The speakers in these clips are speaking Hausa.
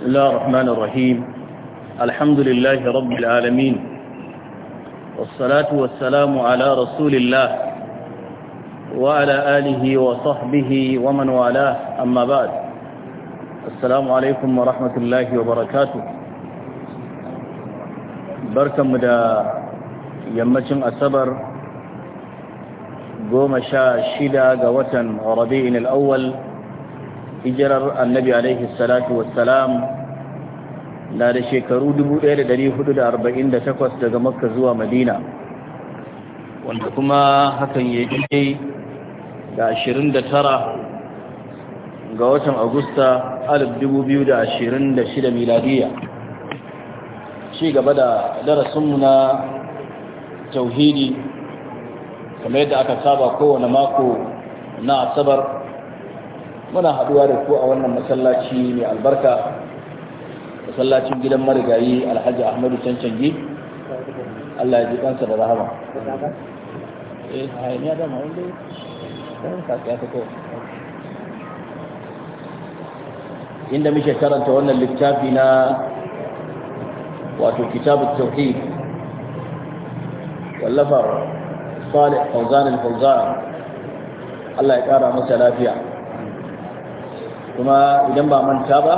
بسم الله الرحمن الرحيم الحمد لله رب العالمين والصلاة والسلام على رسول الله وعلى آله وصحبه ومن والاه أما بعد السلام عليكم ورحمة الله وبركاته بركة مدى يمتن أسبر قوم شاشدا قوة ربيع الأول hijirar annabi alaihi salatu wassalam na da shekaru 1448 daga makka zuwa madina wanda kuma hakan ya yi da 29 ga watan agusta 2026 miladiya ci gaba da darasinmu na tauhidi kamar yadda aka saba kowane mako na asabar muna haduwa da ku a wannan masallaci mai albarka masallacin gidan marigayi alhaji ahmadu cancangi allah ya ji kansa da rahama eh, ta inda muke karanta wannan littafi na wato kitabu tauhid wallafar salih fauzan al-fauzan Allah ya kara masa lafiya kuma idan ba manta ba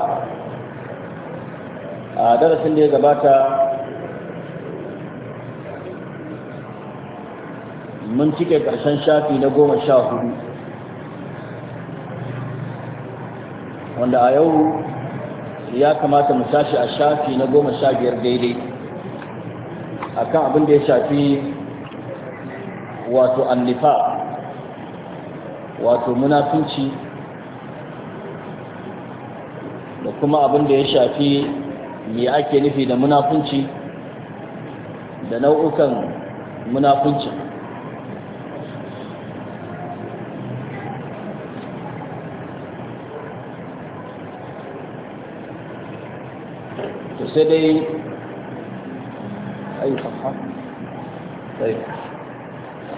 a darasin da ya gabata mun cike karshen shafi na goma sha hudu wanda a yau ya kamata mu tashi a shafi na goma sha biyar daidai a kan abin da ya shafi wato annifa wato munafunci da kuma abin da ya shafi me ake nufi da munafunci da nau'ukan munafunci sai dai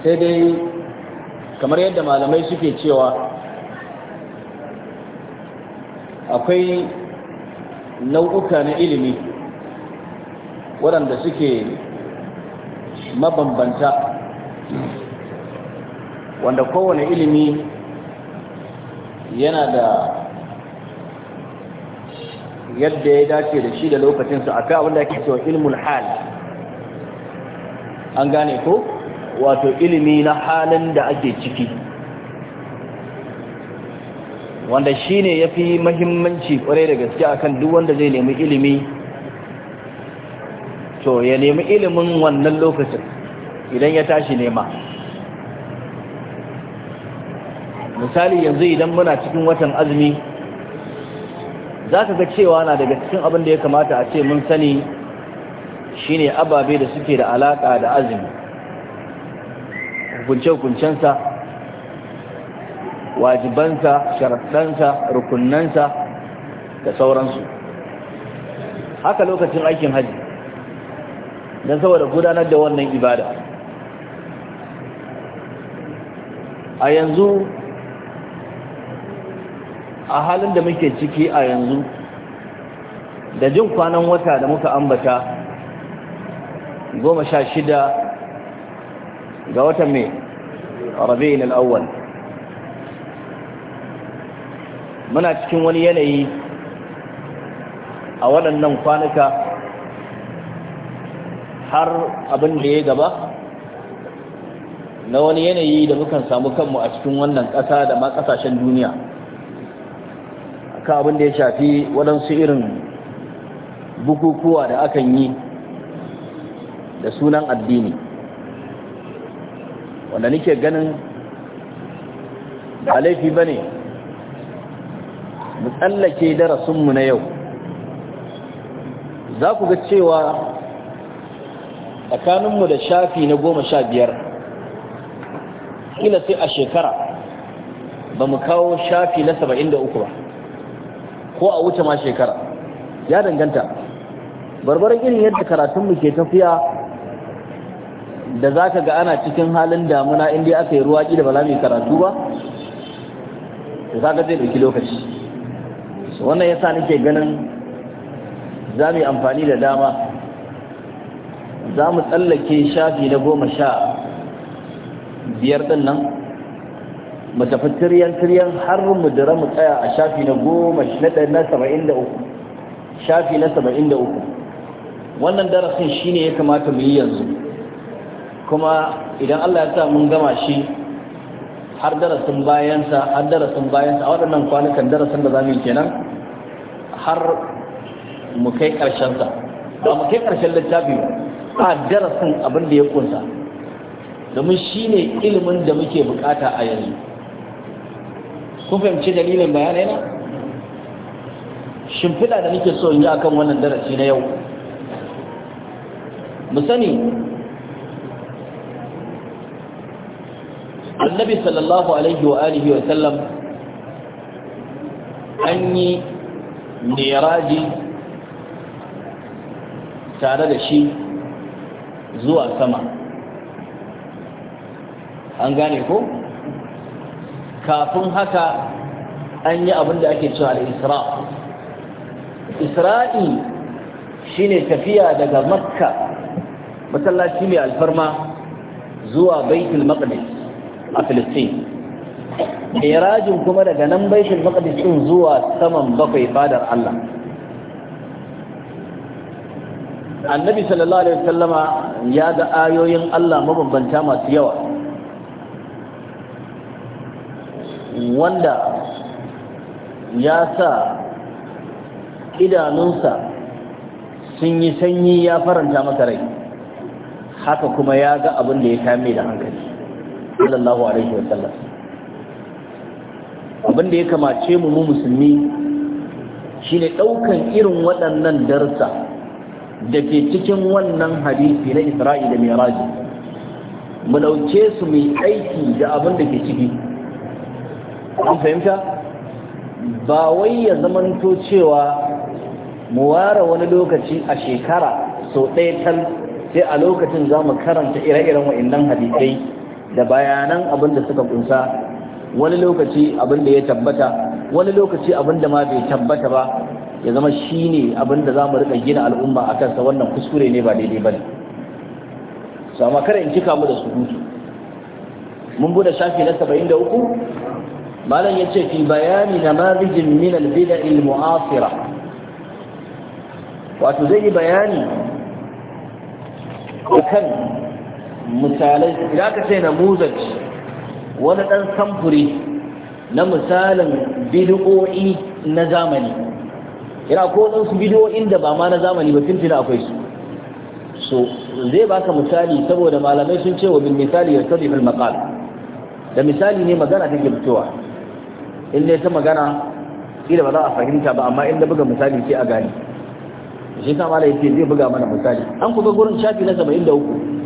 sai dai kamar yadda malamai suke cewa akwai nau'uka na ilimi waɗanda suke mabambanta wanda kowane ilimi yana da yadda ya dace da shi da lokacinsu a kawo wanda ake cewa ilmul hal an gane ko wato ilimi na halin da ake ciki wanda shi ne ya fi mahimmanci kwarai da gaske akan duk wanda zai nemi ilimi to ya nemi ilimin wannan lokacin idan ya tashi nema misali yanzu idan muna cikin watan azumi za ka ga cewa na daga cikin abin da ya kamata a ce mun sani ne ababe da suke da alaƙa da azumi hukunce-hukuncensa wajibansa sharaɗansa rukunnansa da sauransu haka lokacin aikin haji don saboda gudanar da wannan ibada a yanzu a halin da muke ciki a yanzu da jin kwanan wata da muka ambata goma sha shida ga watan mai rabi'in al'awwal muna cikin wani yanayi a waɗannan kwanuka har abin da ya gaba na wani yanayi da mukan samu kanmu a cikin wannan ƙasa da ma ƙasashen duniya kan abin da ya shafi waɗansu irin bukukuwa da akan yi da sunan addini wanda nake ganin alaifi laifi ba ne mu tsallake darasinmu na yau za ku ga cewa tsakaninmu da shafi na goma sha biyar kila sai a shekara ba mu kawo shafi na saba'in da uku ba ko a wuce ma shekara ya danganta barbaran irin yadda karatunmu ke tafiya da za ka ga ana cikin halin damuna inda aka yi ruwa ƙi da ba za mu karatu ba da za ka zai ɗauki lokaci wannan yasa nake ganin za mu yi amfani da dama za mu tsallake shafi na goma sha biyar ɗin nan mu tafi tiryan-tiryan har mu dira mu tsaya a shafi na goma shafi na saba'in da uku wannan darasin shi ne ya kamata mu yi yanzu kuma idan allah ya sa mun gama shi har darasin bayansa har darasin bayansa a waɗannan kwanukan darasin da za mu yi kenan har mu kai ƙarshensa ba mu kai ƙarshen littafi a darasin abin da ya kunsa domin shi ne ilimin da muke bukata a yanzu kun fahimci dalilin bayanai na shimfiɗa da muke so yi akan wannan darasi na yau mu sani annabi sallallahu alaihi wa alihi wa sallam an yi miraji tare da shi zuwa sama an gane ko kafin haka an yi abin da ake cewa al-isra isra'i shine tafiya daga makka masallaci mai alfarma zuwa baitul maqdis a filistin irajin kuma daga nan baitul maqdis din zuwa saman bakwai fadar Allah annabi sallallahu alaihi wasallama ya ga ayoyin Allah mabambanta masu yawa wanda ya sa idanunsa sun yi sanyi ya faranta masa rai haka kuma ya ga abin da ya kame da hankali sallallahu alaihi wasallam abin da ya kamace mu mu musulmi shine daukan irin waɗannan darsa da ke cikin wannan hadisi na Isra'i da Mi'raj mu dauke su mu aiki da abin da ke ciki an fahimta ba wai ya zamanto cewa mu ware wani lokaci a shekara sau ɗaya tal sai a lokacin za mu karanta ire-iren wa'in nan hadisai da bayanan abin da suka kunsa wani lokaci abin da ya tabbata wani lokaci abin da ma bai tabbata ba ya zama shi ne abin da za mu riƙa gina al'umma a kansa wannan kuskure ne ba daidai ba ne sama kada in cika mu da su hutu mun buɗe shafi na saba'in da uku malam ya ce fi bayani na marijin min albida mu'asira wato zai yi bayani akan misalai idan aka ce namuzaj wani ɗan samfuri na misalin bidiyo'i na zamani yana ko su bidiyo'in da ba ma na zamani ba tuntuna akwai su so zai baka misali saboda malamai sun ce wa bin misali ya sadi fil maqal da misali ne magana take fitowa in ne ta magana kila ba za a fahimta ba amma in da buga misali sai a gani shi ta malai yake zai buga mana misali an kuma gurin shafi na 73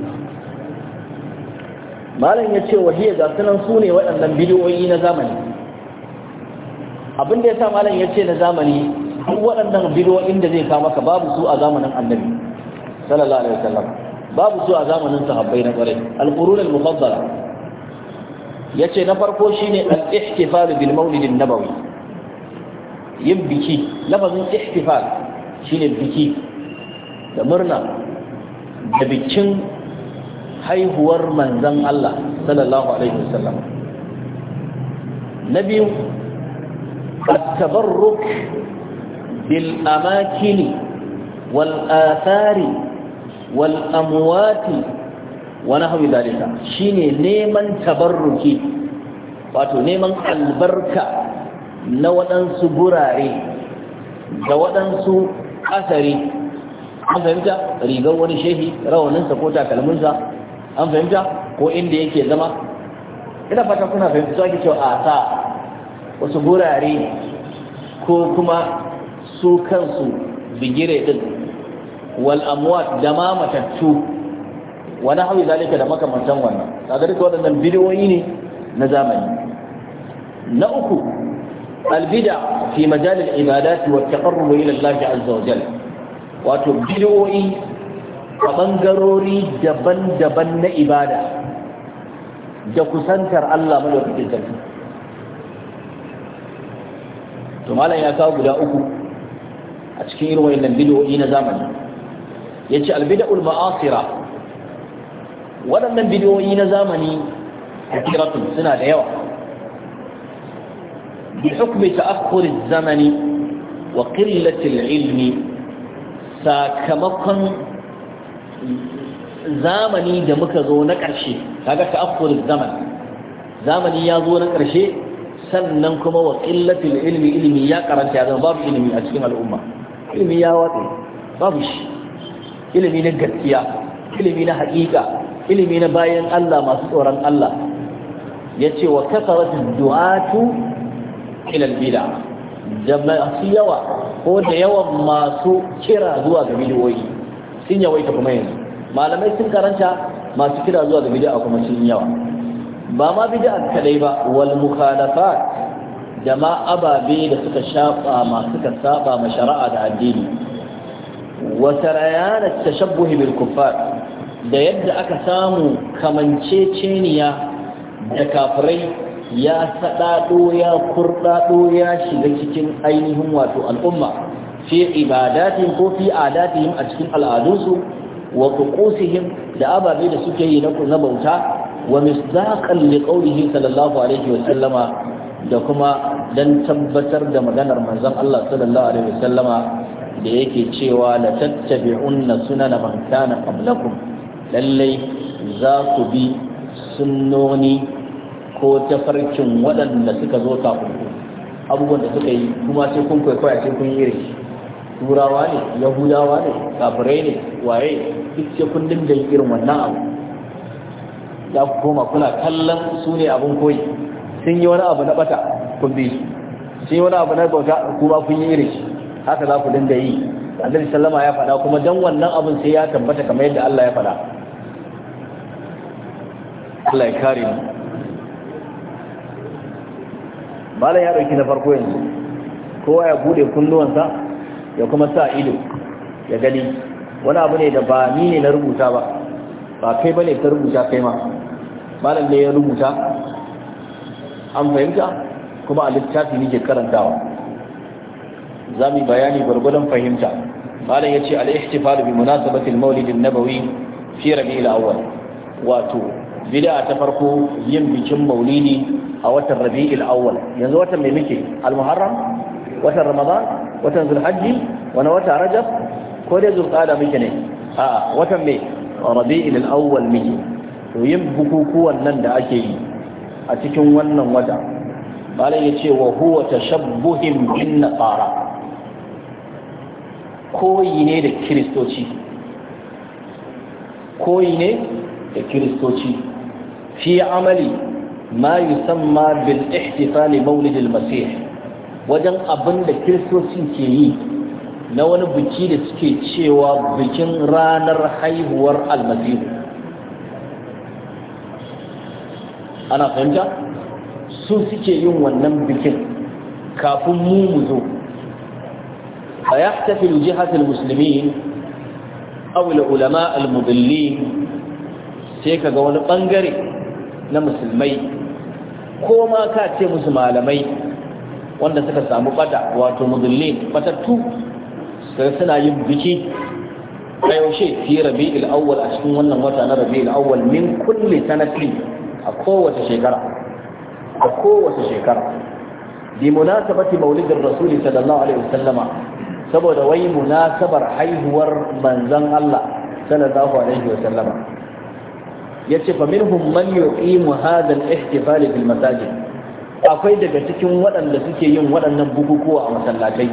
malam ya ce wahiyar ga sunan su ne waɗannan bidiyoyi na zamani abin da ya sa malam ya ce na zamani duk waɗannan bidiyoyin da zai kama ka babu su a zamanin annabi sallallahu alaihi wasallam babu su a zamanin sahabbai na kwarai al-qurun al-mufaddala yace na farko shine al-ihtifal bil maulid an-nabawi yin biki lafazin ihtifal shine biki da murna da bikin haihuwar manzan Allah sallallahu alaihi wasallam na biyu at-tabarruk wal'asari amakini wani athari wal amwati shine neman tabarruki wato neman albarka na waɗansu gurare da waɗansu asari an fahimta rigar wani shehi rawaninsa ko takalminsa an fahimta ko inda yake zama ina fata kuna fahimta su ake cewa a sa wasu gurare ko kuma su kansu bigire din wal amwat dama ma matattu wani hawi zalika da makamantan wannan kaga duka waɗannan bidiyoyi ne na zamani na uku albida fi majalil ibadati wa taqarrub ila Allah azza wa jalla wato bidiyoyi a ɓangarori daban-daban na ibada da kusantar Allah madaukakin sarki to malam ya kawo guda uku a cikin irin wayannan bid'o'i na zamani ya yace albid'ul ma'asira waɗannan bid'o'i na zamani a kiratun suna da yawa bi hukumai ta az-zamani wa qillati al-ilmi sakamakon zamani da muka zo na ƙarshe kaga ta'akhkhuruz zaman zamani ya zo na ƙarshe sannan kuma wa qillatul ilmi ilmi ya karanta ya zama babu ilmi a cikin al'umma ilmi ya watsa babu shi ilmi na gaskiya ilmi na haƙiƙa ilimi na bayan Allah masu tsoron Allah ce wa kasaratu du'atu ila al-bid'a da masu yawa ko da yawan masu kira zuwa ga miliyoyi sun yawaita kuma yanzu malamai sun karanta masu kira zuwa ga bid'a kuma sun yawa ba ma bid'a kadai ba wal mukhalafat da ma ababe da suka shafa ma suka saba ma shari'a da addini wa tarayana tashabbuhi bil kuffar da yadda aka samu kamanceceniya da kafirai ya sadado ya kurdado ya shiga cikin ainihin wato al'umma fi ibadatin ko fi adatihim a cikin al'adunsu wa tuqusihim da ababe da suke yi na bauta wa misdaqan li qawlihi sallallahu alaihi wa sallama da kuma dan tabbatar da maganar manzon Allah sallallahu alaihi wa sallama da yake cewa la tattabi'unna sunana man kana qablakum lallai za ku bi sunnoni ko tafarkin waɗanda suka zo kafin abubuwan da suka yi kuma sai kun kwaikwaya sai kun yi rishi turawa ne yahudawa ne kafirai ne waye duk ce kun dinga irin wannan abu za ku koma kuna kallon su ne abin koyi sun yi wani abu na bata kun bi su sun yi wani abu na bauta kuma kun yi irin shi haka za ku dinga yi annabi sallama ya faɗa kuma dan wannan abin sai ya tabbata kamar yadda Allah ya faɗa Allah ya kare mu malam ya dauki na farko yanzu kowa ya bude kunnuwansa ya kuma sa ido ya gani wani abu ne da ba ni ne na rubuta ba ba kai ne ta rubuta kai ma malam ne ya rubuta an fahimta kuma a littafi nake karantawa za mu bayani gwargwadon fahimta malam ya ce al-ihtifal bi munasabati al-maulid an-nabawi fi rabi'il awwal wato bid'a ta farko yin bikin maulidi a watan rabi'il awwal yanzu watan me muke al-muharram watan ramadan watan zulhajji wani wata rajab ko dai zulqada muke ne a watan mai rabi'il al-awwal muke to yin bukukuwan nan da ake yi a cikin wannan wata malam yace wa huwa tashabbuhin bin nasara koyi ne da kiristoci koyi ne da kiristoci fi amali ma yusamma bil ihtifal mawlid al-masih wajen abin da kiristoci ke yi na wani biki da suke cewa bikin ranar haihuwar almasihu ana fahimta su suke yin wannan bikin kafin mu mu zo a yaktafin jihatul musulmi awul ulama al-mudallin sai kaga wani bangare na musulmai ko ma ka ce musu malamai wanda suka samu bata wato mudallin fatattu, sai suna yin biki a yaushe fi rabi' awwal a cikin wannan wata na rabi awwal min kulli sanati a kowace shekara a kowace shekara bi munasabati maulidin rasuli sallallahu alaihi wasallama saboda wai munasabar haihuwar manzon Allah sallallahu alaihi wasallama yace fa minhum man yuqimu hadha al-ihtifal bil masajid akwai daga cikin waɗanda suke yin waɗannan bukukuwa a masallatai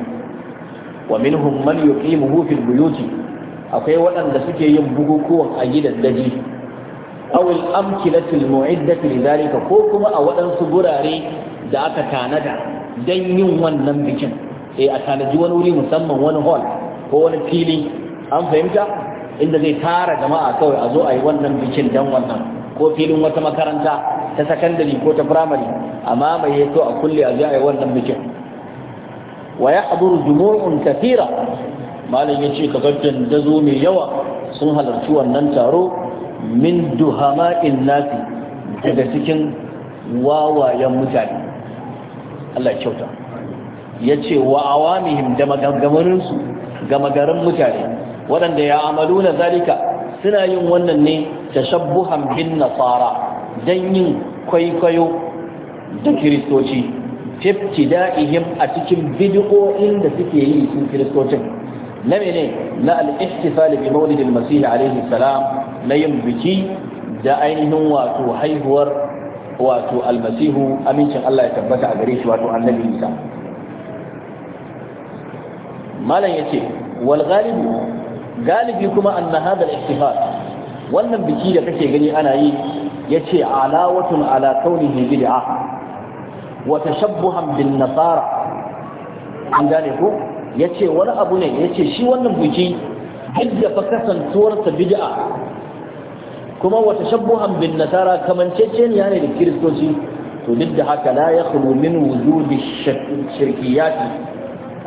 wa minhum man yuqimuhu fil buyuti akwai waɗanda suke yin bukukuwan a gidan daji aw al amkilatu al li dhalika ko kuma a waɗansu gurare da aka tanada dan yin wannan bikin eh a tanaji wani wuri musamman wani hall ko wani fili an fahimta inda zai tara jama'a kawai a zo a yi wannan bikin dan wannan ko filin wata makaranta ta sakandari ko ta firamare amma mai yato a kulle a ji wannan bikin wa ya haburu jumu'un kafira malam ya ce ka gaddan dazo mai yawa sun halarci wannan taro min duhama'in nasi daga cikin wawayen mutane Allah ya kyauta ya ce wa awamihim da magagarinsu ga magarin mutane waɗanda ya amalu na zalika suna yin wannan ne tashabbuhan bin nasara don yin kwaikwayo da kiristoci fifti da'ihim a cikin bidiyoyin da suke yi sun kiristocin na mene na al'ihtifali bi maulidin masih alaihi salam na yin biki da ainihin wato haihuwar wato almasihu amincin Allah ya tabbata a gare shi wato annabi Isa malam yace wal galibi galibi kuma anna hadha al-ihtifal wannan biki da kake gani ana yi ya ce alawatun ala kaunihi bid'a wa tashabbuhan bin nasara an gane ko ce wani abu ne Ya ce shi wannan biki duk da fa kasantuwarsa bid'a kuma wa tashabbuhan bin nasara kamanceceniya ne da kiristoci to duk da haka la yakhlu min wujudi shirkiyati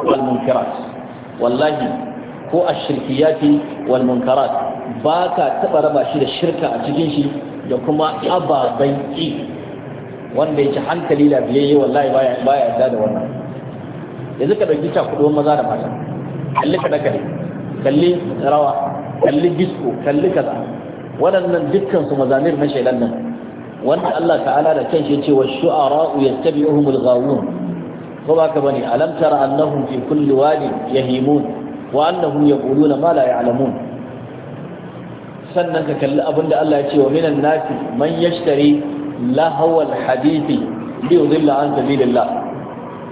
wal munkarat wallahi ko a ashirkiyati wal munkarat ba ka taɓa raba shi da shirka a cikin shi da kuma ababen ƙi wanda ya ci hankali lafiyayye wallahi baya yarda da wannan yanzu ka ɗauki cakuɗuwar maza da mata kalli kaɗe kaɗe kalli rawa kalli disco kalli kaza waɗannan dukkan su mazamir na shaidan nan wanda Allah ta'ala da kanshi ya ce wa shu'ara'u yattabi'uhumul ghawun ko baka bane alam tara annahum fi kulli wadi yahimun wa annahu yaquluna ma la ya'lamun sannan ka kalli abinda Allah ya ce wa minan nasi man yashtari lahawal hadithi li yudilla an sabilillah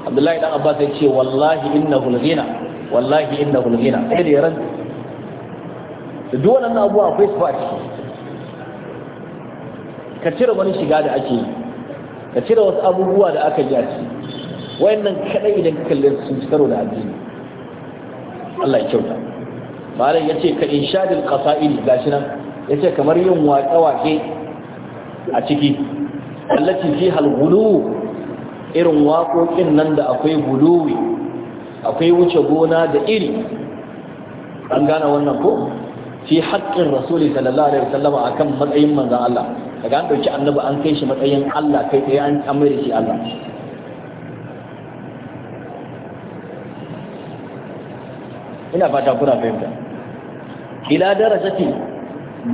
Abdullahi dan Abbas ya ce wallahi innahu al-ghina wallahi innahu al-ghina sai da yaran duk wannan abuwa akwai su a ciki ka cire wani shiga da ake yi ka cire wasu abubuwa da aka yi a ciki wayannan kadai idan ka kalle su sun ci karo da addini Allah ya kyauta malam yace ka inshadil qasa'id gashi nan yace kamar yin waƙe-waƙe a ciki allati fiha al irin waƙoƙin nan da akwai guluwi akwai wuce gona da iri an gane wannan ko fi haƙƙin rasuli sallallahu alaihi wasallam akan matsayin manzon Allah daga an dauki annabi an kai shi matsayin Allah kai tsaye an amare shi Allah ina fata kuna fahimta ila darajati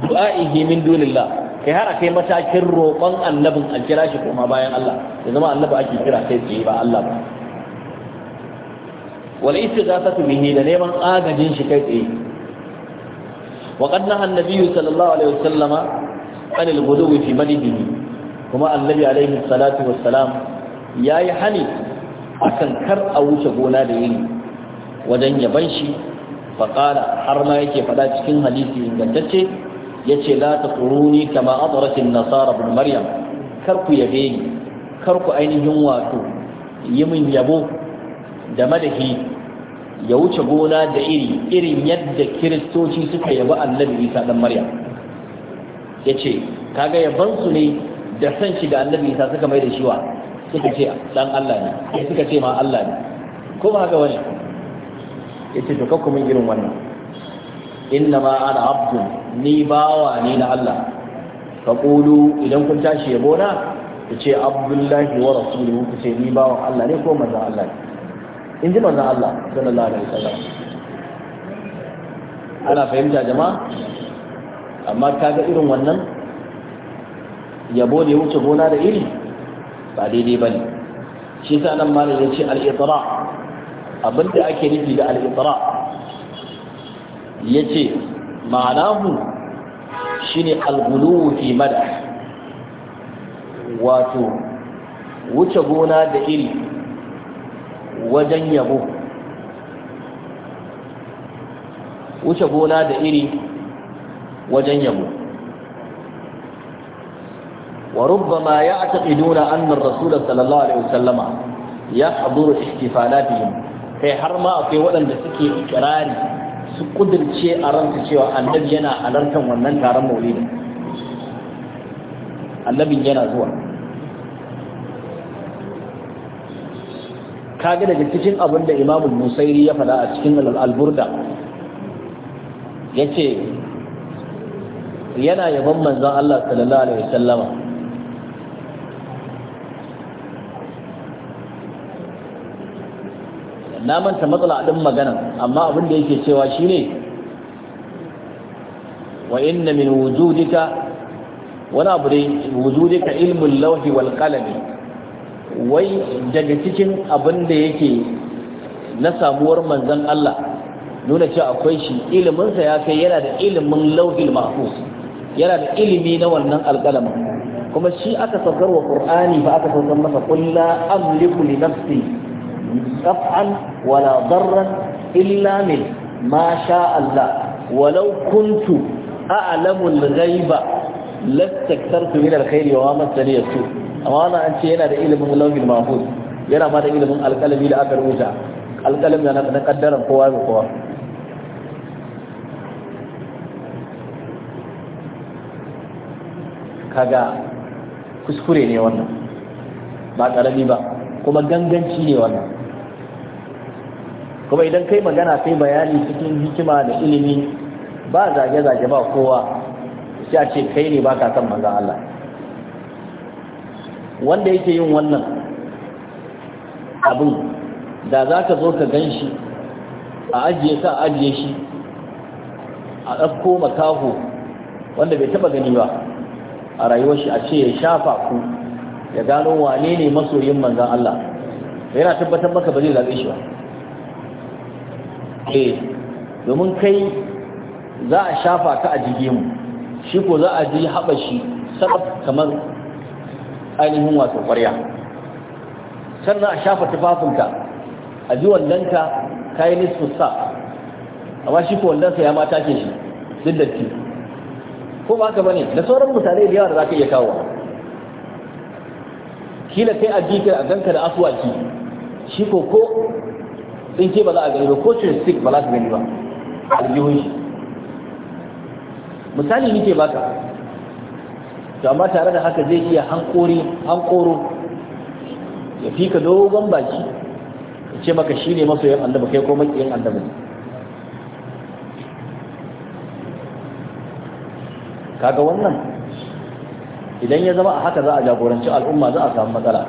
du'a'ihi min dunillah kai har akai matakin roƙon annabin a kira shi koma bayan Allah Da zama annabi ake kira kai tsaye ba Allah ba wal istighathatu bihi da neman agajin shi kai tsaye wa qad naha an-nabiy sallallahu alaihi wasallama an al-ghudu fi madinihi kuma annabi alaihi salatu wassalam yayi hani akan kar a wuce gona da yini wajen yaban shi faƙala har ma yake faɗa cikin hadisi ingantacce ya ce la ta tsoroni kama a tsarafin nasara bin maryam kar ku yabe ni kar ku ainihin wato yi min yabo da madahi ya wuce gona da iri irin yadda kiristoci suka yabi annabi isa dan maryam ya ce kaga yabansu ne da san shi da annabi isa suka mai da shiwa suka ce dan allah ne suka ce ma allah ne ko ba haka wani yace to kakku min irin wannan inna ma ana abdun ni bawa ni na Allah ka kulu idan kun tashi yabo na ku ce abdullahi wa rasuluhu ku ce ni bawa Allah ne ko manzon Allah ne in ji manzon Allah sallallahu alaihi wasallam ana fahimta jama'a amma kaga irin wannan yabo da ya wuce gona da iri ba daidai bane shi sa nan malam ya ce al-itra abinda ake nufi da al ya ce, ma'anahu shi ne ghulu fi madah wato wuce gona da iri wajen yabo wuce gona da iri wajen yabo wa rubbama ya'taqiduna anna ar-rasul sallallahu alaihi wasallama يحضر احتفالاتهم kai har ma akwai waɗanda suke ikirari su kudirce a ranta cewa annabi yana halartar wannan taron maulidin annabin yana zuwa kaga daga cikin abin da imamu musairi ya faɗa a cikin al'alburda ya ce yana yaban manzan Allah sallallahu Alaihi wasallama na manta matsala ɗin maganan amma abin da yake cewa shine wa inna min wujudika wani abu da wujudika ilmin lawhi wal qalami wai daga cikin abin da yake na samuwar manzon Allah nuna cewa akwai shi Iliminsa ya kai yana da ilimin lawhil mahfuz yana da ilimi na wannan alqalamin kuma shi aka saukar wa qur'ani fa aka saukar masa kullu amliku li nafsi نفعا ولا ضرا إلا من ما شاء الله ولو كنت أعلم الغيب لاستكثرت من الخير وما مسني السوء أما أنا an هنا yana da ilimin المعفوظ يرى ما ma da القلم إلى da وزع القلم يعني نقدر kaddaran kowa kaga kuskure ne wannan ba ƙarami ba kuma ganganci ne wannan kuma idan kai magana sai bayani cikin hikima da ilimi ba zage-zage ba kowa sai a ce kai ne ba ka san manzan Allah wanda yake yin wannan abin da za ka zo ka gan shi a ajiye sa ajiye shi a ɗauko makaho wanda bai taɓa gani ba a rayuwar shi a ce ya shafa ku ya gano wane ne masoyin manzan Allah yana tabbatar maka ba zai zaɓe shi ba eh domin kai za a shafa ka a jige mu shi ko za a ji haɓa shi sabab kamar ainihin wato ƙwarya sannan a shafa tufafinka a ji wallonka ka yi nisfu sa amma shi ko wallonsa ya mata ke shi duk da ke ko ba ka bane da sauran misalai da yawa da za ka iya kawo kila kai a jikin a ganka da asuwaki shi ko ko tsinke ba za a gani ba ko stick ba za su gani ba aljihun shi misali nike baka to amma tare da haka zai iya hankori hankoro ya fi ka dogon baki ya ce maka shi ne yin annabi kai ko yin annabi kaga wannan idan ya zama a haka za a jagoranci al'umma za a samu matsala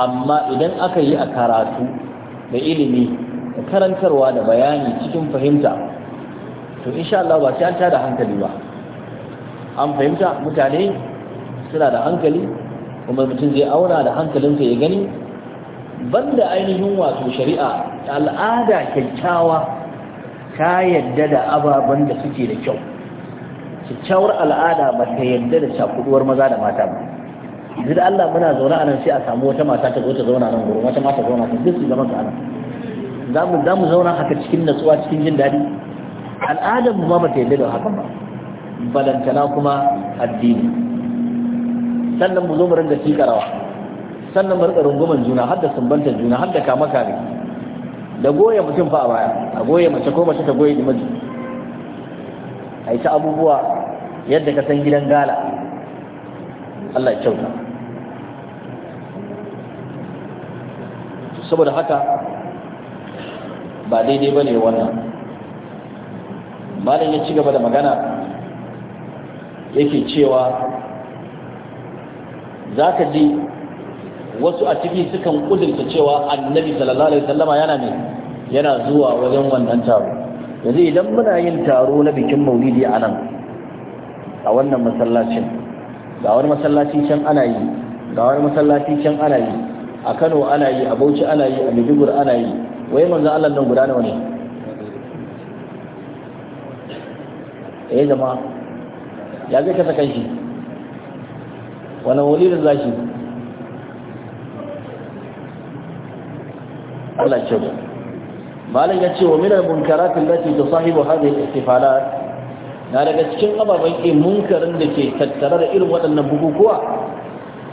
amma idan aka yi a karatu da ilimi da karantarwa da bayani cikin fahimta to insha Allah ba sai an tada hankali ba an fahimta mutane suna da hankali kuma mutum zai aura da hankalinsa ya gani banda ainihin wato shari'a al'ada kyakkyawa ta yadda da ababen da suke da kyau kyakkyawar al'ada ba ta yadda da cakuduwar maza da mata ba yanzu da Allah muna zaune a nan sai a samu wata mata ta zo ta zauna nan gurin wata mata zauna ta duk su zama su za mu zauna haka cikin natsuwa cikin jin daɗi al'adar mu ma ba ta yadda da haka ba balantana kuma addini sannan mu zo mu ringa tika rawa sannan mu ringa runguman juna har da sumbanta juna har da kama kare da goya mutum fa a baya a goya mace ko mace ta goya jimaji a yi ta abubuwa yadda ka san gidan gala Allah ya kyauta saboda haka ba daidai ba ne wannan malam ya ci gaba da magana yake cewa za ka ji wasu a ciki sukan kudurta cewa annabi sallallahu alaihi wasallama yana ne yana zuwa wajen wannan taro yanzu idan muna yin taro na bikin maulidi a nan a wannan masallacin ga wani masallaci can ana yi ga wani masallaci can ana yi a kano ana yi a bauchi ana yi a maiduguri ana yi wai manzan Allah nan guda nawa ne eh jama'a ya zai kasa kanshi wani wali da zashi Allah ce ba malam ya ce wa minar munkaratin lati da sahibu hadin istifalat na daga cikin ababen ke munkarin da ke tattare da irin waɗannan bukukuwa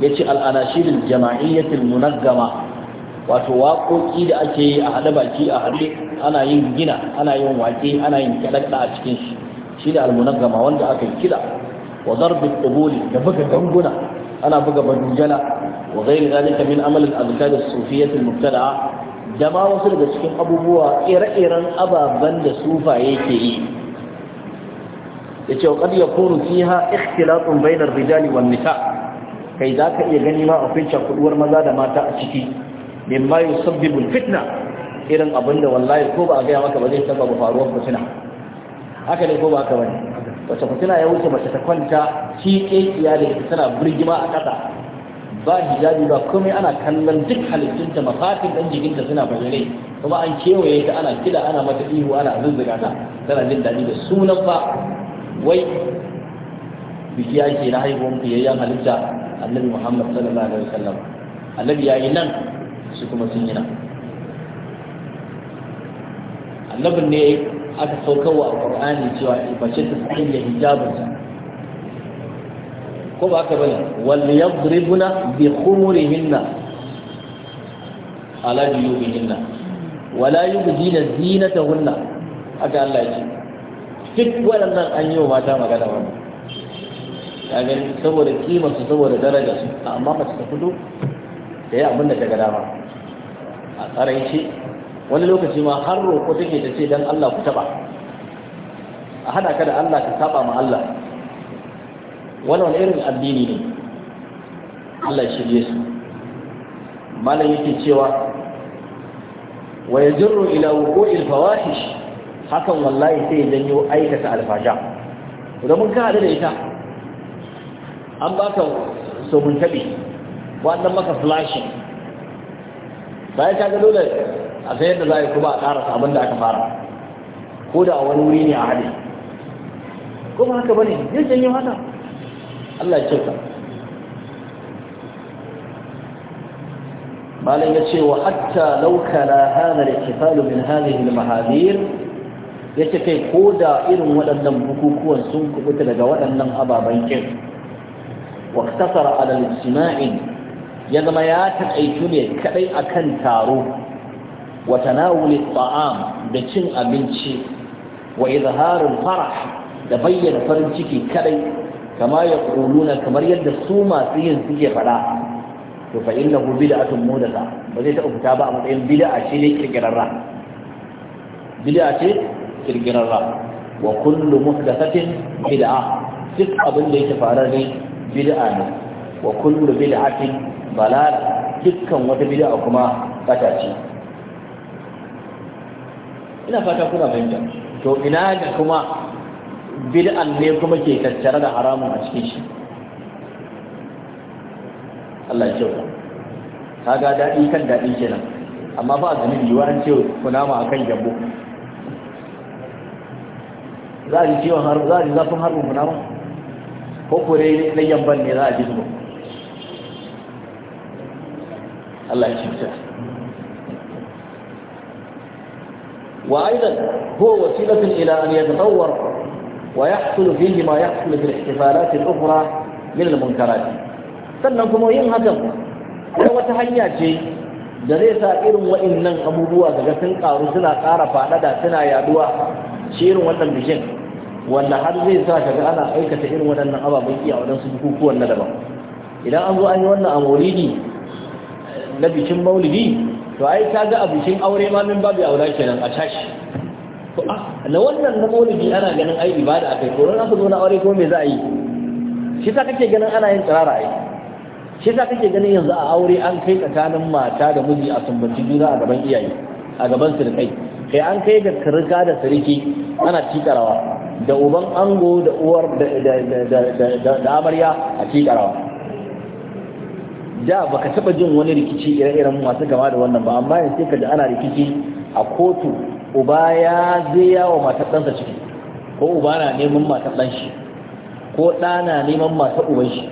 ya ce al'anashirin jama'iyyatin munaggama wato waƙoƙi da ake yi a haɗe baki a haɗe ana yin gina ana yin waƙe ana yin kyaɗaɗa a cikin shi shi da almunaggama wanda aka yi kiɗa wa zarbi tsiboli da buga ganguna ana buga badujala wa gairi zalika min amal al-azkar as-sufiyyah da ma wasu daga cikin abubuwa ire-iren ababen da sufaye ke yi yace wa qad yakunu fiha ikhtilatun bayna ar-rijali wan-nisa kai zaka iya gani ma akwai cakuduwar maza da mata a ciki mimma yusabbibu fitna irin abinda wallahi ko ba a gaya maka ba zai ba faruwar fitina haka ne ko ba ka bane wace fitina ya wuce mace ta kwanta shi kekiya da ita tana birgima a kasa ba hijabi ba komai ana kallon duk halittunta mafatin ɗan jikinta suna bayyane kuma an kewaye ta ana kida ana mata ihu ana zuzzuga ta tana jin daɗi da sunan ba wai biki ake na haihuwar fiyayyen halitta annabi muhammad sallallahu alaihi wasallam annabi yi nan su kuma sun yi na annabin ne aka saukarwa a ƙwar'ani cewa mace ta sanya hijabinsa ko ba aka bane wani ya yadribuna bi alaji ala hinna wala ta hunna aka Allah ya ce fit waɗannan an yi wa mata magana wani ya gani saboda kimarsu saboda darajarsu. amma ba su ta fito da yi abin da ta ga dama a tsaraice wani lokaci ma har roƙo take ta ce don Allah ku taɓa a haɗa ka da Allah ka saba ma Allah wani wani irin addini ne Allah ne su malam yake cewa wa yajru ila wuqu'il fawahish hakan wallahi sai ya janyo aikata alfasha da mun ka da ita an baka so mun tabi wannan maka flashing bayan ka ga dole a sayar da za a yi kuma a ƙara abin da aka fara ko da wani wuri ne a hali ko ba haka bane zai janyo haka Allah ya kyauta malam ya ce wa hatta lauka na hana da kifalu min hannun mahadir ya ce kai ko da irin waɗannan bukukuwan sun kubuta daga waɗannan ababen kin wa kasara alal sima'in ya zama ya taƙaitu ne kaɗai akan taro wa tanawuli ta'am da cin abinci wa izharul farah da bayyana farin ciki kaɗai kama ya kuluna kamar yadda su masu yin suke faɗa to fa innahu bid'atun mudatha ba zai taɓa fita ba a matsayin bid'a ce ne kirkirarra bid'a ce kirkirarra wa kullu muhdathatin bid'a duk abin da yake farar ne bid'a ne wa kullu bid'atin balala dukkan wata bid'a kuma kata ce ina fata kuna fahimta to ina ga kuma bid'an ne kuma ke tattare da haramun a cikin shi Allah ya kyauta kaga daɗi kan daɗi kenan amma ba zunubi yiwuwa an ce kunama akan gyambo za a ji ciwon har za a ji zafin harbin kunama ko kore na gyamban ne za a ji zuwa Allah ya kyauta wa aidan huwa wasilatun ila an yatawar wa yahsul fihi ma yahsul fil ihtifalat al ukhra min al munkarat sannan kuma yin hakan wata hanya ce da zai sa irin waannan abubuwa daga sun karu suna ƙara faɗaɗa suna yaduwa shi irin wannan bikin wanda har zai sa ka ga ana aikata irin waɗannan ababen iya waɗansu bukukuwan na daban idan an zo an yi wannan a maulidi na bikin maulidi to ai ta ga a bikin aure ma min babu aure kenan a tashi to ah, a na wannan na maulidi ana ganin ai ibada akai ko ran aka zo na aure ko me za a yi shi ta kake ganin ana yin tsirara ai shi ta kake ganin yanzu a aure an kai tsakanin mata da miji a sumbaci juna a gaban iyaye a gaban sirkai kai an kai ga kirga da sarki ana tikarawa da uban ango da uwar da amarya a tikarawa da baka taba jin wani rikici ire-iren masu gama da wannan ba amma yanzu sai ka ji ana rikici a kotu uba ya zai yawo matar ɗansa ciki ko uba na neman matar ɗan shi ko ɗa na neman matar uban shi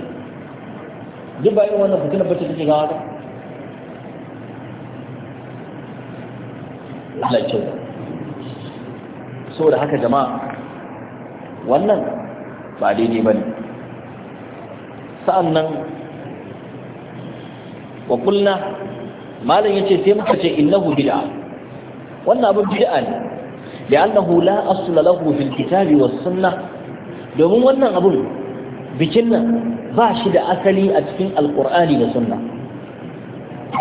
duk bayan wannan na bacci take gawa ta lalacewa kyau saboda haka jama'a wannan ba daidai ba ne sa'an nan wa kulna malam yace sai muka ce innahu bid'a wannan abin bid'a ne li'annahu la asla lahu fil kitabi was sunnah domin wannan abun bikin nan ba shi da asali a cikin alqur'ani da sunna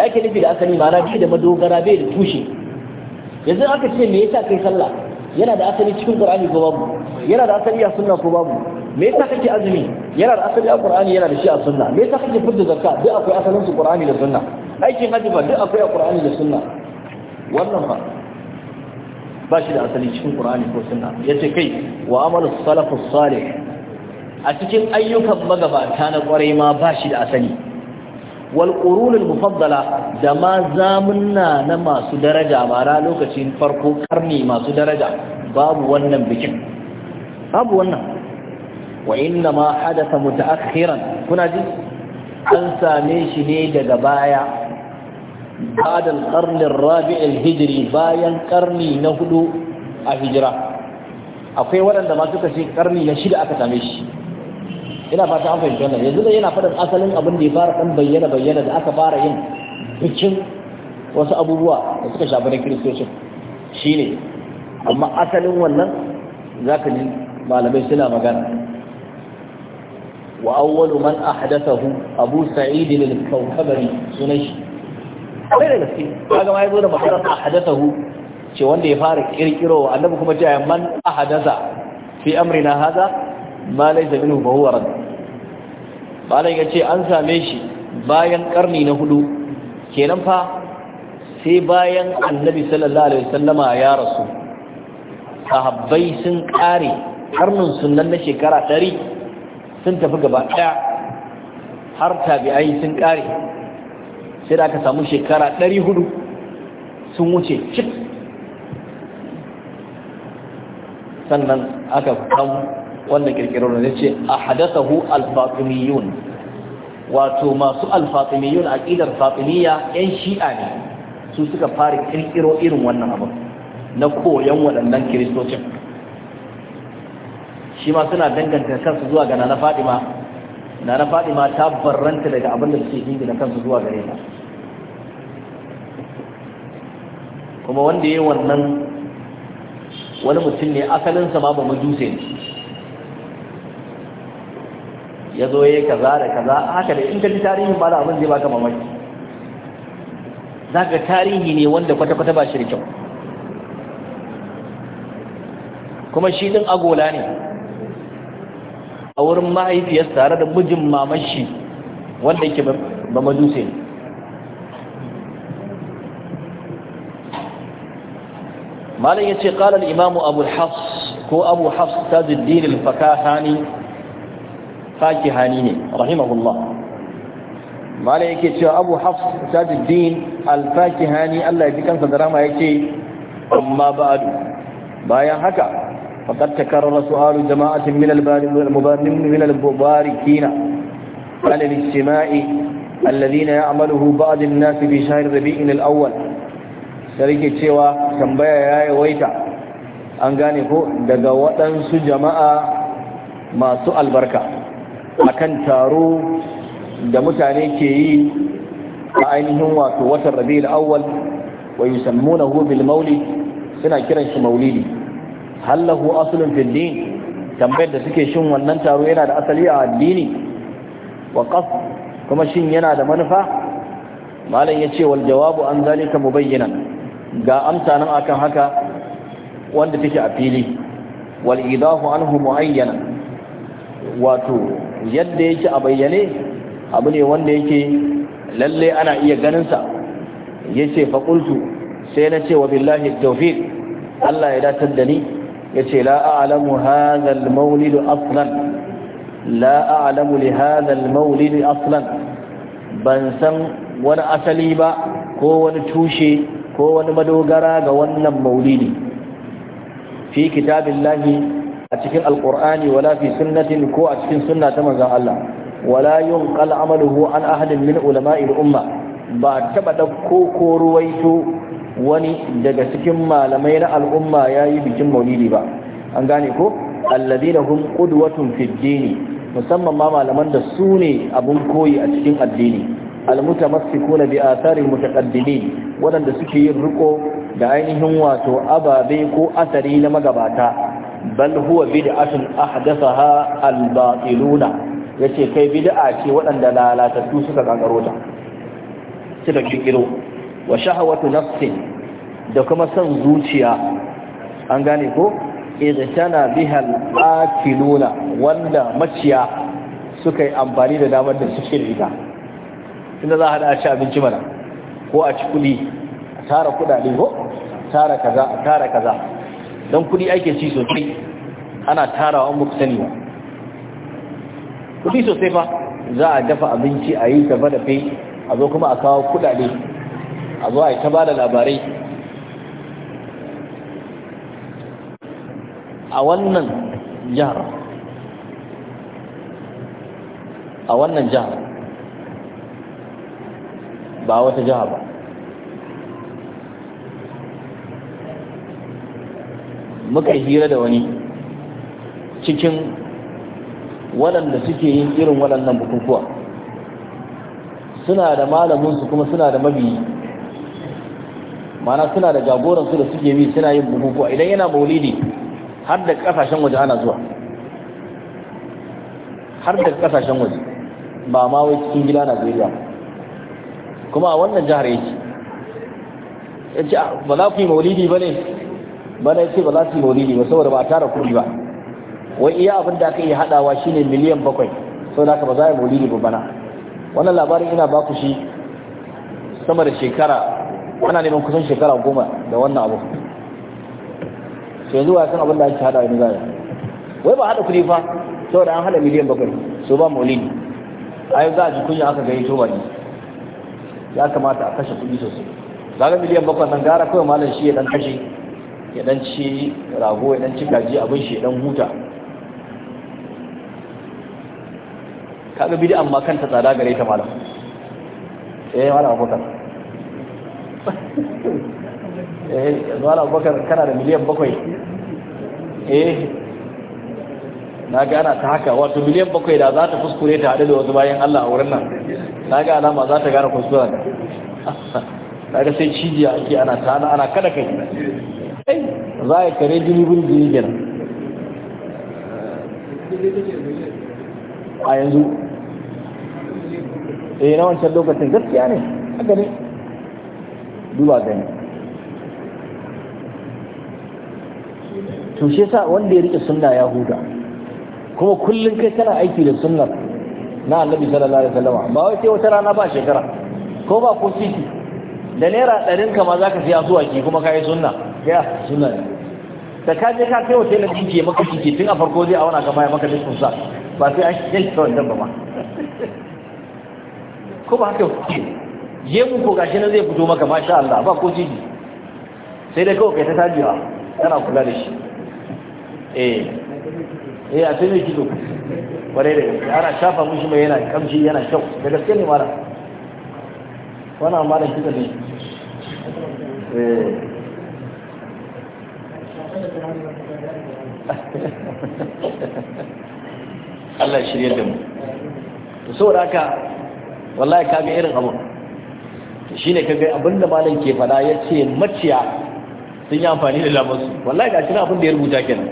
ake nufi da asali ma'ana bai da madogara bai da tushe yanzu aka ce me yasa kai sallah yana da asali cikin qur'ani ko babu yana da asali a sunna ko babu me yasa kake azumi yana da asali a qur'ani yana da shi a sunna me yasa kake fidda zakka duk akwai asalin su qur'ani da sunna aikin hajji ba duk akwai a qur'ani da sunna wannan ba ba shi da asali cikin qur'ani ko sunna yace kai wa amalu salafus salih a cikin ayyukan magabata na kwarai ma ba shi da asali wal qurunul mufaddala da ma zamunna na masu daraja mara lokacin farko karni masu daraja babu wannan bikin babu wannan wa inna ma hadatha mutaakhiran kuna ji an same shi ne daga baya بعد القرن الرابع الهجري na hudu a hijira, akwai waɗanda ma suka ce karni na shida aka same shi ina fata an fahimci wannan yanzu da yana faɗan asalin abin da ya fara bayyana bayyana da aka fara yin bikin wasu abubuwa da suka shafi na kiristoci shine amma asalin wannan za ka ji malamai suna magana وأول من أحدثه أبو سعيد للكوكبري سنشي غير gaske kaga ma yazo da makarar ahdathahu ce wanda ya fara kirkiro annabi kuma ce man ahdatha fi amrina hada ma laysa minhu fa huwa rad malai ce an same shi bayan karni na hudu kenan fa sai bayan annabi sallallahu alaihi wasallama ya rasu sahabbai sun kare karnin sunan na shekara 100 sun tafi gaba ɗaya har tabi'ai sun ƙare sai da aka samu shekara ɗari hudu sun wuce cik sannan aka kawo wannan ƙirƙirar da ce a hadasahu alfatimiyun wato masu alfatimiyun a ƙidar fatimiyya 'yan shi'a ne su suka fara ƙirƙiro irin wannan abu na koyon waɗannan kiristocin shi ma suna danganta kansu zuwa ga nana fadima nana fadima ta barranta daga abin da suke na kansu zuwa gare ta kuma wanda ya yi wannan wani mutum ne asalinsa ma ba majuse ne ya zo ya yi kaza da kaza haka da in ka ji tarihin ba da abin zai baka mamaki za ka tarihi ne wanda kwata-kwata ba shi da kyau kuma shi din agola ne a wurin mahaifiyarsa tare da mijin mamashi wanda yake ba majuse malam ya ce ƙalar imamu abu hafs ko abu hafs ta ziddinin fakahani fakihani ne rahimahullah malam yake cewa abu hafs ta ziddin alfakihani allah ya fi kansa da rama ya ce amma ba'adu bayan haka فقد تكرر سؤال جماعة من من المباركين على الاجتماع الذين يعمله بعض الناس في شهر ربيع الأول sarki cewa tambaya ya yawaita an gane ko daga waɗansu jama'a masu albarka akan taro da mutane ke yi a ainihin wato watan rabi'ul awwal wa yusammunahu maulid suna kiran maulidi hallahu asalin fil tambayar da suke shin wannan taro yana da asali a addini wa qas kuma shin yana da manufa malam yace wal jawabu an zalika mubayyanan ga amsa nan akan haka wanda take a fili wal idahu anhu muayyana wato yadda yake a bayyane abu ne wanda yake lalle ana iya ganin sa yace fa qultu sai na ce wa billahi tawfiq Allah ya datar da ni yace la laalamu hadha al aslan li aslan ban san wani asali ba ko wani tushe ko wani madogara ga wannan maulidi fi lahi a cikin alkur'ani wala fi sunnatin ko a cikin sunna ta Allah wala yunƙal amaluhu an ahadin min ulama'il umma ba taba ɗauko ko ruwaito wani daga cikin malamai na al'umma ya yi bikin maulidi ba an gane ko alladina hum qudwatun fid musamman ma malaman da su ne abun koyi a cikin addini almutamassikuna bi atharil mutakaddini waɗanda suke yin riko da ainihin wato ababe ko asari na magabata bal huwa bid'atun ahdathaha albatiluna yace kai bid'a ce waɗanda lalatattu suka kakarota. ta suka kirkiro wa shahawatu nafsin da kuma san zuciya an gane ko irtana bihal akiluna wanda maciya suka yi amfani da damar da suke riga inda za a hada a ci abinci mana ko a ci kudi a tara kudade ko tara kaza a tara kaza don kudi ake ci sosai ana tarawa an muku sani kudi sosai fa za a dafa abinci a yi gaba da fai a zo kuma a kawo kudade a zo a yi ta ba da labarai a wannan jihar a wannan jihar ba wata jihar ba muka hira da wani cikin waɗanda suke yin irin waɗannan bukukuwa suna da malaminsu kuma suna da mabi mana suna da jagoransu da suke bi suna yin bukukuwa idan yana maulidi har da kasashen waje ana zuwa har da kasashen waje ba ma wai cikin gida Najeriya kuma a wannan jihar yake ya ce ah, ba za ku yi maulidi ba ne ba na ce ba za su yi maulidi ba saboda ba a tara kuɗi ba wai iya abin da aka iya haɗawa shine miliyan bakwai sau da ba za a yi maulidi ba bana wannan labarin ina ba ku shi sama da shekara ana neman kusan shekara goma da wannan abu to yanzu wa san abin da ake hada wani ba wai ba hada kuɗi fa saboda an hada miliyan bakwai so ba maulidi ai za a ji kunya aka gani to ba ne ya kamata a kashe kuɗi sosai ga miliyan bakwai nan gara kawai malam shi ya dan kashe ya dan ci rago ya dan ci kaji abin shi ya dan huta kaga bidi amma kanta tsada gare ta malam eh malam abokan eh zuwa abubakar kana da miliyan bakwai eh na ga ana ta haka wato miliyan bakwai da za ta kuskure ta haɗu da wasu bayan Allah a wurin nan na ga alama za ta gane kuskure ta ga sai cijiya ake ana ta ana ana kada kai za a kare jini jini gina a yanzu eh na wancan lokacin gaskiya ne haka ne duba gani to shi yasa wanda ya rike sunna ya huda kuma kullun kai kana aiki da sunnar na annabi sallallahu alaihi wasallam ba wai sai wata rana ba shekara ko ba ko titi da naira ɗarin ka ma ka siya zuwa ki kuma kai sunna ya sunna ne da ka je ka kai wa tela dinki ya maka titi tun a farko zai auna ka baya maka dukkan sa ba sai an shi ta wannan ba ma ko ba haka kuke je mu ko gashi nan zai fito maka masha Allah ba ko titi sai dai kawai kai ta tajiya kana kula da shi eh eh a sai mai kizo kwarai da gaske ana shafa mushi mai yana kamshi yana kyau da gaske ne mara wannan mara kizo ne eh Allah shirye da mu to saboda haka wallahi ka ga irin abun shine kaga abinda malam ke fada yace maciya sun yi amfani da lamarsu wallahi ga cikin abin da ya rubuta kenan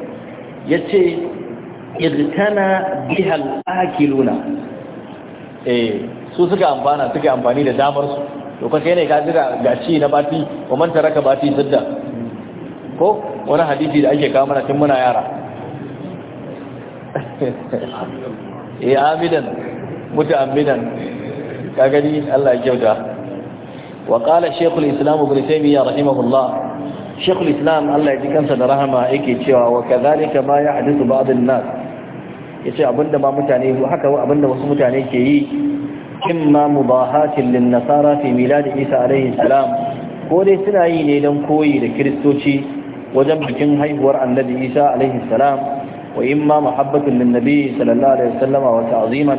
ya ce irtana bihal akiluna eh su suka amfana suka amfani da damarsu to kai ne ka jira ci na bati Ko man taraka bati sadda ko wani hadisi da ake kawo mana tun muna yara eh amidan muta'ammidan ka gani Allah ya kyauta wa qala shaykhul islam ibn taymiyyah rahimahullah shekul islam allah ya ji kansa da rahama yake cewa wa kazalika ma ya hadisu ba'adun nas ya ce abinda ba mutane haka abinda wasu mutane ke yi in ma mubahatin lin nasara fi miladi isa alaihi salam ko dai suna yi ne don koyi da kiristoci wajen bikin haihuwar annabi isa alaihi salam wa in ma muhabbatun lin nabi sallallahu alaihi wasallam wa ta'ziman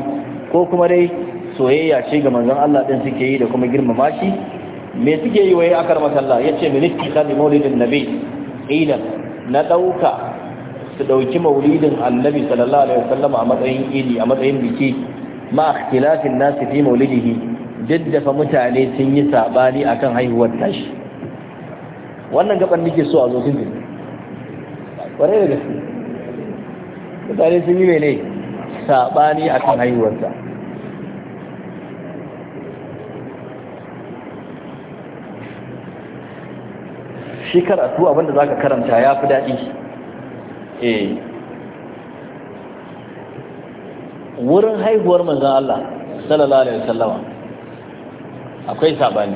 ko kuma dai soyayya ce ga manzon Allah din suke yi da kuma girmama shi me suke yi waye akar masalla ya ce miniki sani maulidin nabi ila na ɗauka su ɗauki maulidin annabi sallallahu alaihi wasallam a matsayin idi a matsayin biki ma ikhtilafin nasi fi maulidihi fa mutane sun yi sabani akan haihuwar tashi wannan gaban nake so a zo cikin jini da gaske mutane sun yi mene sabani akan tashi shi karatu abinda za ka karanta ya fi daɗi E, wurin haihuwar manzan Allah sallallahu alaihi wasallama akwai sabani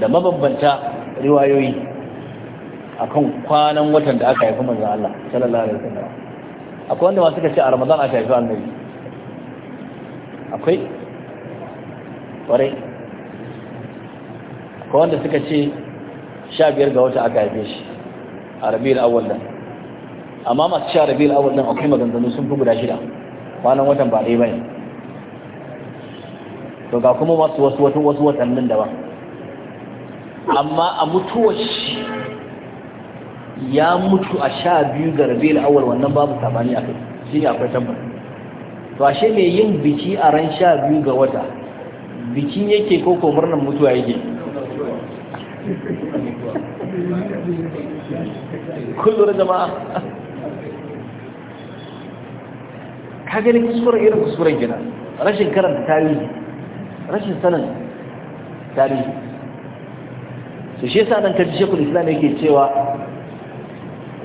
da mabambanta riwayoyi akan kwanan watan da aka haifi manzan Allah sallallahu alaihi wasallama akwai wanda suka ce a Ramadan aka haifi annabi akwai kwarai akwai wanda suka ce sha biyar ga wata aka haife shi a rabi'ul awal din amma masu sha rabi'ul awal din akwai maganganu sun fi guda shida kwanan watan ba ɗaya bane to ga kuma wasu wasu wasu wasu watannin daban amma a mutuwar shi ya mutu a sha biyu ga rabi'ul awal wannan babu sabani a kai shi ne akwai tabbas to ashe mai yin biki a ran sha biyu ga wata bikin yake ko ko murnar mutuwa yake kullum jama'a ka gani kuskuren irin kuskuren gina rashin karanta tarihi rashin sanin tarihi su shi sa nan kaji shekul islam yake cewa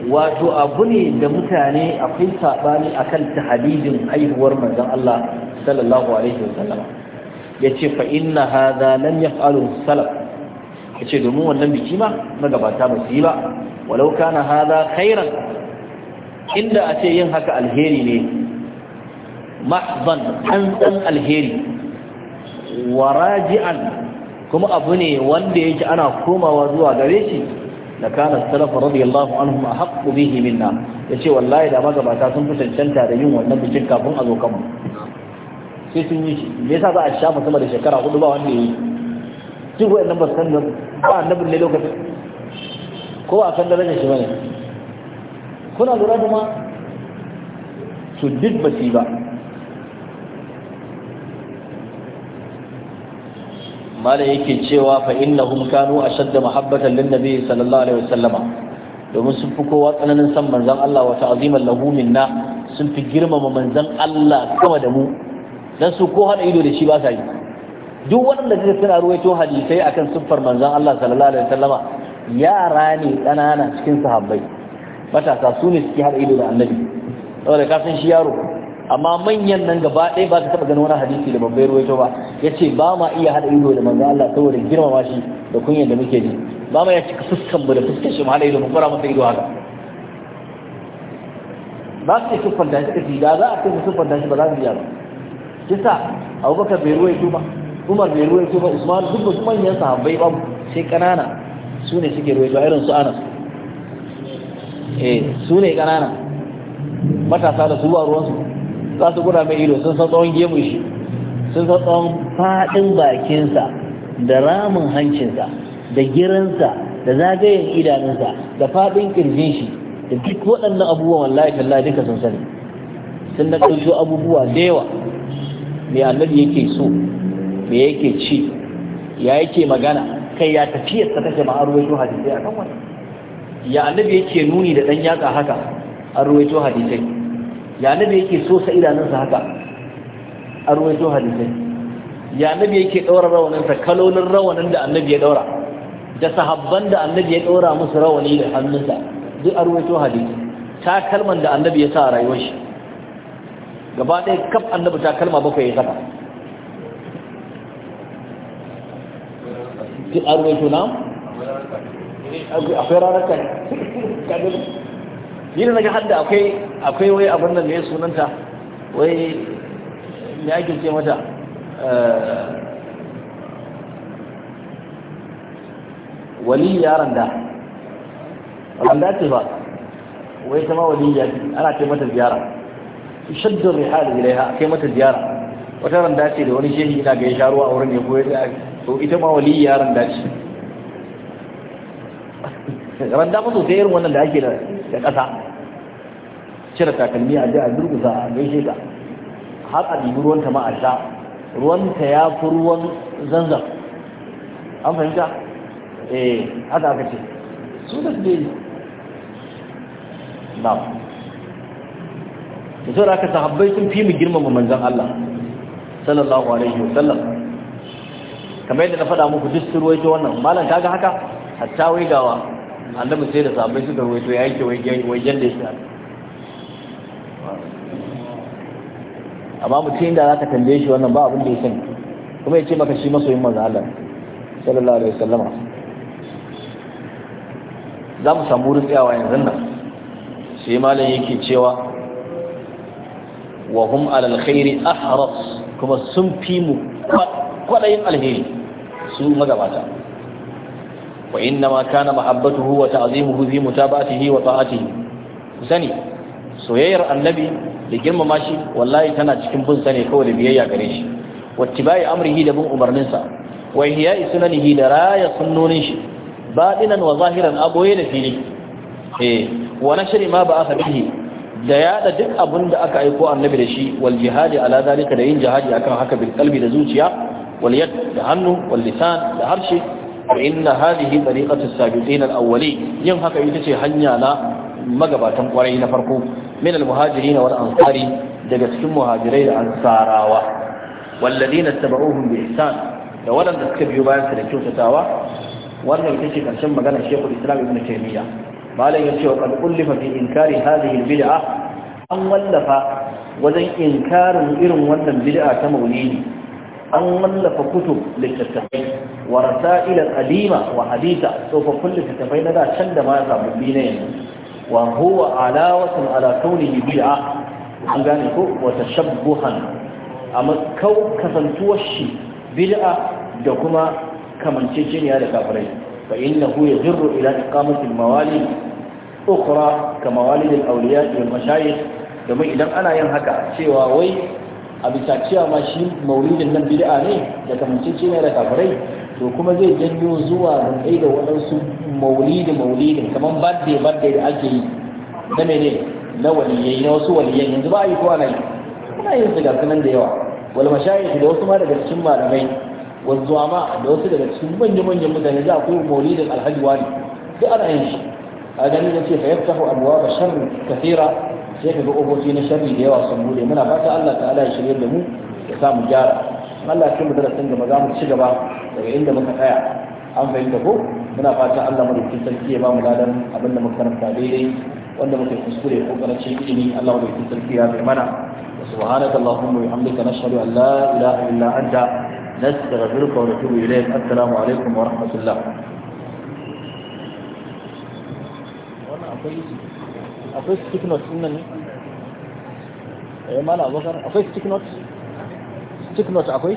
wato abu ne da mutane akwai saɓani a kan ta tahalilin haihuwar manzan Allah sallallahu alaihi wasallam ya ce fa'in na haza nan ya faru salaf yace domin wannan biki ma magabata ba su yi ba walau kana haza khairan inda a ce yin haka alheri ne mahdan an alheri wa raji'an kuma abu ne wanda yake ana komawa zuwa gare shi da kana salafa radiyallahu anhum ahqqu bihi minna yace wallahi da magabata sun fi cancanta da yin wannan bikin kafin a zo kanmu sai sun yi shi me yasa za a shafa sama da shekara hudu ba wanda yi duk wayannan ba san ba ne lokacin ko san shi bane kuna lura da ma to duk ba shi ba mala yake cewa fa innahum kanu ashadda mahabbatan lin nabi sallallahu alaihi wasallama domin sun fi kowa tsananin san manzon Allah wa ta'ziman lahu minna sun fi girmama manzon Allah sama da mu dan su ko hada ido da shi ba sa yi duk wanda kaga suna ruwaito hadisai akan siffar manzon Allah sallallahu alaihi wasallama yara ne ƙanana cikin sahabbai matasa su ne suke haɗa ido da annabi saboda ka san shi yaro amma manyan nan gaba ɗaya ba ka taɓa ganin wani hadisi da babbai ruwaito ba ya ce ba ma iya haɗa ido da manzon Allah saboda girmama shi da kunyar da muke ji ba ma ya cika fuskan mu da fuskan shi mu haɗa ido mu fara masa ido haka ba su iya siffanta shi da za a kai su shi ba za su iya ba kisa abubakar bai ruwaito ba umar bai ruwaito ba usman duk ba su manyan sahabbai ba sai kanana su ne suke ruwaito irin su anas eh su ne kanana matasa da su ba ruwansu za su guda mai ido sun san tsawon gemu shi sun san tsawon faɗin bakinsa da ramin hancinsa da girinsa, da zagayen idanunsa da faɗin kirjin shi da duk waɗannan abubuwan wallahi tallahi duka sun sani sun na ɗauko abubuwa da yawa mai annabi yake so me yake ci ya yake magana kai ya ta take ba arwaito ruwaito hadisai a kan wani ya annabi yake nuni da ɗan yatsa haka arwaito ruwaito hadisai ya annabi yake so sa idanunsa haka arwaito ruwaito hadisai ya annabi yake ɗaura rawaninsa kalolin rawanin da annabi ya ɗaura da sahabban da annabi ya ɗaura musu rawani da hannunsa duk arwaito ruwaito hadisai takalman da annabi ya sa a rayuwar shi gaba ɗaya kaf annabi ta kalma bakwai ya saka duk an ruwaito na akwai ranar ta kadin ni da naga hadda akwai akwai wai abin nan ne sunanta wai me ake ce mata eh, wali yaran da randa ce ba wai sama ma wali ya ana ce mata ziyara shaddu rihal ilaiha kai mata ziyara wata randa ce da wani shehi ina ga ya ruwa a wurin ne ko ya to ita ma wali ya randa shi randa ba sosai irin wannan da ake da ƙasa cire takalmi a jiya durgusa a gaishe ta har a ɗibi ruwanta ma ruwanta ya fi ruwan zanzan an fahimta eh haka aka ce su da su dai na da saboda aka sahabbai sun fi mu girmama manzon Allah sallallahu alaihi wasallam kamar yadda na faɗa muku duk su ruwaito wannan malam kaga haka hatta wai gawa annabi sai da sabai da ruwaito ya yake wajen da yake amma mutum da za ka tambaye shi wannan ba abin da ya sani kuma ya ce maka shi masoyin manzo Allah sallallahu alaihi wasallama za mu samu wurin tsayawa yanzu nan sai malam yake cewa wa hum alal khairi ahras kuma sun fi mu kwadayin alheri su magabata wa inna ma kana mahabbatuhu wa ta'zimuhu fi mutabatihi wa ta'atihi sani soyayyar annabi da girmama shi wallahi tana cikin bin sane kawai da biyayya gare shi wattibai amrihi da bin umarninsa wa ihya'i sunanihi da raya sunnonin shi badinan wa zahiran aboye da fili eh wa nashri ma ba'atha bihi da yada duk abin da aka aiko annabi da shi wal jihadi ala zalika da yin jihadi akan haka bil qalbi da zuciya wal da hannu wal lisan da harshe wa inna hadhihi tariqatu as-sabiqin al-awwalin yin haka ita ce hanya na magabatan kwarai na farko min al-muhajirin wal ansari daga cikin muhajirai da ansarawa walladina tabauhum bi ihsan da wadanda suka biyo bayan sa da kyautatawa wannan ita ce karshen maganar Sheikhul Islam Ibn taimiyya. malam yace wa qad ullifa fi inkari hadhihi al-bid'ah an wallafa wajen inkarin irin wannan bid'a ta maulidi an wallafa kutub littattafai wa rasa'ila qadima wa haditha tsofaffin littattafai na da can da ma sababbi ne yanzu wa huwa alawatun ala kaunihi bid'a an gane ko wa tashabbuhan amma kau kasantuwar shi bid'a da kuma kamanceceniya da kafirai fa innahu yajru ila iqamati al-mawali ukhra ka al-awliya wal mashayikh domin idan ana yin haka cewa wai a bisa cewa ma shi maulidin nan bid'a ne da kamancece ne da kafirai to kuma zai janyo zuwa ga kai da waɗansu maulidi maulidin kamar birthday birthday da ake yi na mene na waliyai na wasu waliyai yanzu ba a yi ko ana yi ana yin su ga sunan da yawa wal mashayikh da wasu ma daga cikin malamai ma da wasu daga cikin manya-manyan mutane za a kuma maulidin alhaji wani duk ana yin shi a ganin da ce fa yaftahu abwaaba sharri kathira sai ka ga ƙofofi na sharri da yawa sun bude muna fata Allah ta'ala ya shirye da mu ya sa mu gyara Allah ya kuma darasin gaba za mu ci gaba daga inda muka tsaya an fahimta ko muna fata Allah mu dukkan sarki ya ba mu ladan abinda da muka karanta daidai wanda muka kuskure ko karancin ilimi Allah mu dukkan sarki ya bai mana سبحانك اللهم وبحمدك نشهد ان لا اله الا انت نستغفرك ونتوب اليك السلام عليكم ورحمه الله وانا akwai stick notes din nan ne yi eh, mala abakar akwai stick notes stick notes akwai